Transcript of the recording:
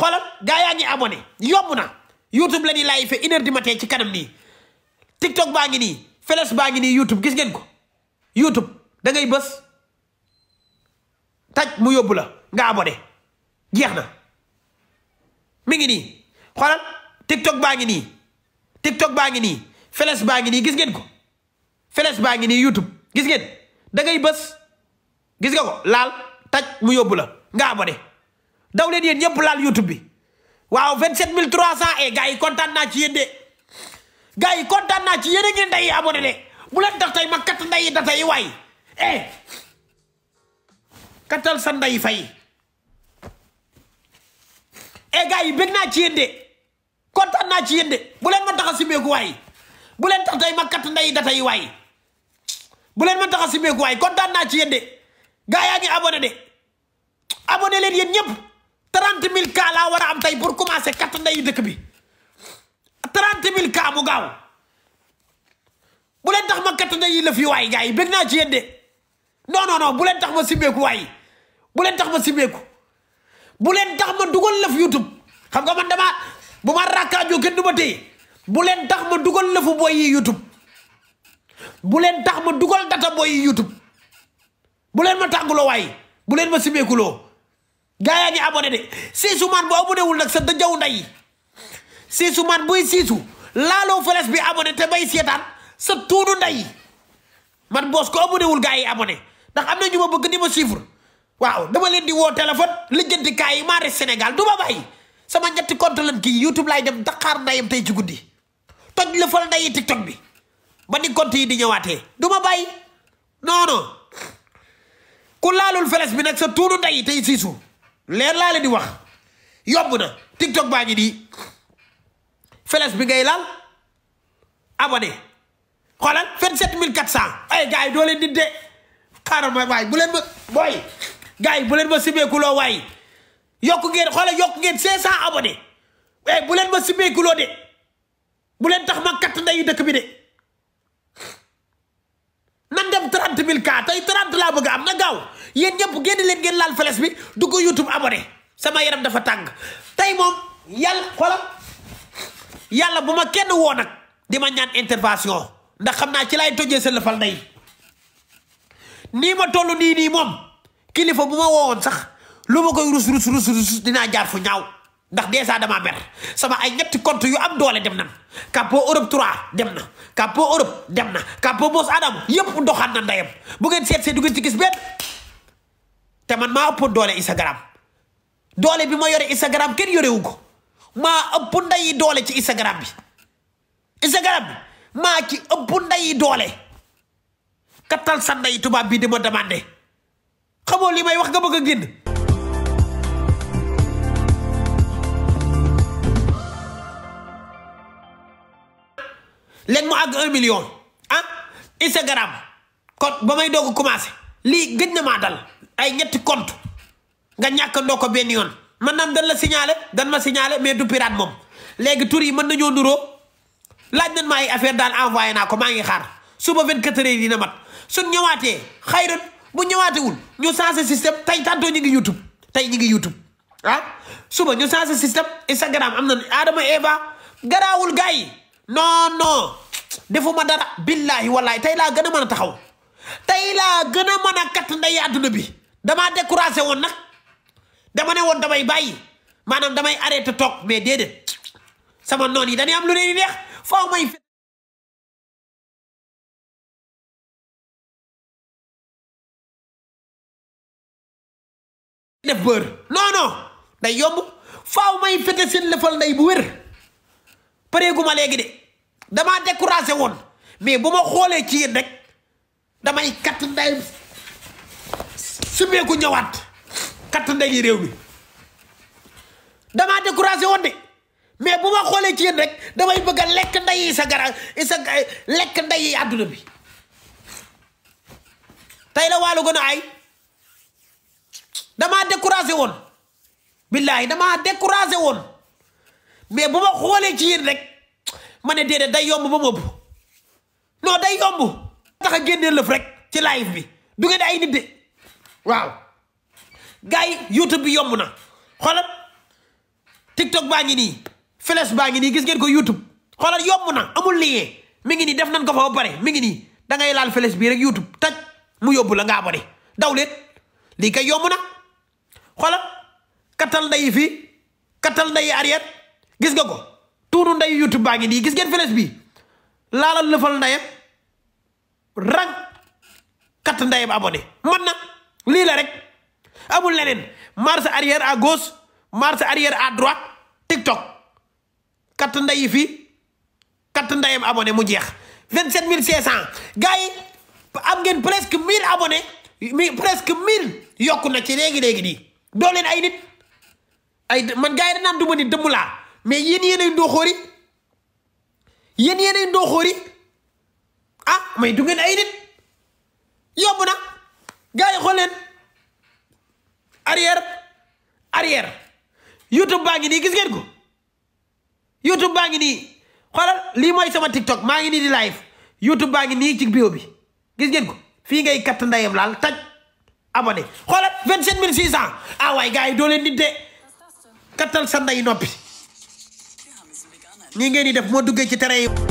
xoolal gaa yaa ngi abonné yomb na YouTube la ñuy laay fe ma heure ci kanam nii TikTok baa ngi nii Flash baa ngi nii YouTube gis ngeen ko YouTube da bës taj mu yóbbu la nga jeex na mi ngi nii xoolal TikTok baa ngi nii TikTok baa ngi nii Flash baa ngi nii gis ngeen ko Flash baa ngi nii YouTube gis ngeen dangay bës gis nga ko laal taj mu yóbbu la nga abonné daw leen yéen ñëpp laal YouTube bi waaw 27300 et gars yi kontaan naa ci yi kontaan naa ci yéen a ngeen yi abonné de bu tey ma kat ndey yi data eh, katal sa ndey fay eh yi bëgg naa ci yéen kontaan naa ci yéen de bu leen ma tax a simeeku waay bu leen tax tey ma kat ndey data yi waay bu leen ma taxa a simeeku waay kontaan naa ci yéen de gars yaa ngi abonné de abonné leen yéen ñëpp. trente mille kaa laa war a am tey pour commencer katt ndeyu dëkk bi trente mille cas bu gaaw bu leen tax ma katt ndeyu lëf yi waay gars yi bëgg naa ci yéen de non bu leen tax ma simeeku waay bu leen tax ma simeeku bu leen tax ma dugal lëf YouTube xam nga man dama bu ma rakkaajoo kenn du ma téye bu leen tax ma dugal lëfu boy yi YouTube bu leen tax ma dugal data boy yi YouTube bu leen ma tàgguloo waay bu leen ma simeekuloo gaa yaa ngi abonné de siisu bu abonné wul nag sa dëjaw nday siisu man buy siisu laaloo fëles bi abonné te bay seetaan sa tuunu nday man boos ko abonné wul gaa yi abonné ndax am na ñu ma bëgg ni ma suivre waaw dama leen di woo téléphone lijjanti kaa yi maa res Sénégal du ma sama ñetti compte lan kii YouTube laay dem daqaar ndayam tey ci guddi toj la fal ndayi TikTok bi ba ni compte yi di ñëwaatee du ma bàyyi non non ku laalul fëles bi nag sa tuunu nday tey siisu. leer laa leen di wax yobb na tiktok baa ngi nii feles bi ngay laal abonné xoolal 27400 ay gars yi doo leen dinde xaaral ma waay bu leen ma booy gars yi bu leen ma simeekuloo waay yokk ngeen xoolal yokk ngeen 500 abonné ay eh, bu leen ma simeekuloo de bu leen tax ma katt nday dëkk bi de nan dem 30 000 ka tey 30 laa bëgg am na gaaw yéen ñëpp génn leen ngeen laal fles bi dugg YouTube abonné sama yaram dafa tàng tey moom yàlla xoolal yàlla bu ma kenn woo nag di ma ñaan intervention ndax xam naa ci laay tojjee sa lëfal ndey nii ma toll nii nii moom kilifa bu ma woowoon sax lu ma koy rus rus rus rus dinaa jaar fu ñaaw ndax dèjà damaa mer sama ay ñetti compte yu am doole dem nan Capo Europe 3 dem na Capo Europe dem na Capo Mos Adam yëpp doxaan na ndayam bu ngeen seet see du ngeen ci gis benn te man maa ëpp doole Instagram doole bi ma yore Instagram kenn yorewu ko maa ëpp ndayi doole ci Instagram bi Instagram bi maa ci ëpp ndayi doole kattal sa nday tubaab bii di ma demandé xamoo li may wax nga bëgg a génn léegi mu àgg un million ah Instagram kon ba may doog a commencé lii gëj maa dal ay ñetti compte nga ñàkkandoo ko benn yoon maanaam dan la signalé dan ma signalé mais du piraat moom léegi tur yi mën nañoo nuroo laaj nañ maa ay affaire daal envoyé naa ko maa ngi xaar suba 24 heures na mat suñ ñëwaatee xayran bu ñëwaatewul ñu changé système tey tantôt ñu ngi YouTube tey ñu ngi YouTube ah suba ñu changé système Instagram am na Adama Eva garaawul gars yi non non defuma dara billahi wallahi tey laa gën a mën a taxaw tey laa gën a mën a kat nday àdduna bi damaa découragé woon na dama ne woon damay bàyyi maanaam damay arrêté toog mais déedéet sama noon yi dañuy am lu leen di neex faaw may def bër non may fete seen lëfal nday bu wér pareegu ma léegi de damaa découragé woon mais bu ma xoolee ci yéen rek damay kat nday su meeku ñëwaat katt ndegi réew mi damaa découragé woon de mais bu ma xoolee ci yéen rek damay bëgg lekk ndeyi sa gara sa lekk ndeyi àdduna bi tey la wàllu gën a ay damaa découragé woon billaahi damaa découragé woon mais ba ma xoolee ci yéen rek ma ne déedéet day yomb ba mu ëpp day yomb tax a génneel lëf rek ci live bi du ngeen ay nit de waaw gaa yi youtube bi yomb na xoolal tiktok baa ngi nii felees baa ngi nii gis ngeen ko youtube xoolal yomb na amul lien mi ngi nii def nañ ko fa ba pare mi ngi nii da ngay laal flash bii rek youtube taj mu yóbbu la nga abonné daw leen lii kay yomb na xoolal kattal nday fii kattal nday arrière gis nga ko tuunu nday youtube baa ngi nii gis ngeen flash bi laalal lëfal ndayam rang katt ndayam abonné man na amul leneen marche arrière à gauche marche arrière à droite TikTok kat ndeyi fi kat ndeyam abonné mu jeex 27500 gars yi am ngeen presque 1000 abonné mi presque 1000 yokku na ci léegi léegi nii doo leen ay nit ay man gars yi danaan du ma nit dëmm laa mais yéen yéenay ndooxóori yéen yéenay ndooxóori ah may du ngeen ay nit yomb na gars xool leen arrière arrière youtube baa ngi nii gis ngeen youtube baa ngi nii xoolal lii mooy sama maa ngi nii di live youtube baa ngi nii ci bio bi gis ngeen ko fii ngay katt ndayam laal taj abonné xoolal vingt sept mille six cent ah waay gars yi doo nit de kattal sa nday noppi nii ngeen di def moo duggee ci tere